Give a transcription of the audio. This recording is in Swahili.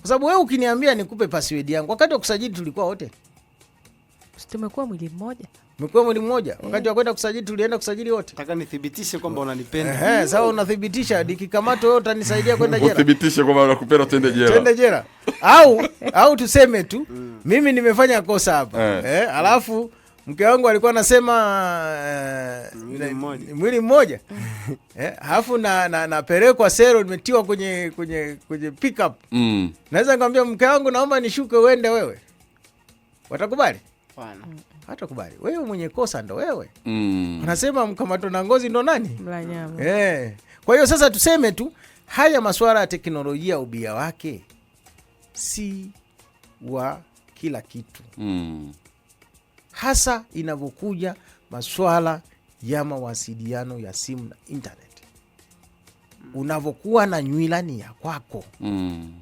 kwa sababu wewe ukiniambia nikupe password yangu, wakati wa kusajili tulikuwa wote tumekuwa mwili mmoja mekuwa mwili mmoja yeah. Wakati wa kwenda kusajili tulienda kusajili wote. Nataka nithibitishe kwamba unanipenda. Eh, sawa, unathibitisha, nikikamatwa wewe utanisaidia kwenda jela. Uthibitishe kwamba unakupenda, twende jela. Twende jela. Au au tuseme tu mimi nimefanya kosa hapa. Eh, eh, alafu mke wangu alikuwa anasema eh, mwili mmoja. mwili mmoja halafu eh, na, na, napelekwa sero, nimetiwa kwenye kwenye kwenye pickup mm. Naweza nikamwambia mke wangu, naomba nishuke uende wewe, watakubali? kubali Wewe mwenye kosa ndo wewe mm. Anasema mkamato na ngozi ndo nani Mlanyama. Eh. Kwa hiyo sasa tuseme tu haya masuala ya teknolojia, ubia wake si wa kila kitu mm. hasa inavyokuja masuala ya mawasiliano ya simu na internet. Unavokuwa na nywila ni ya kwako mm.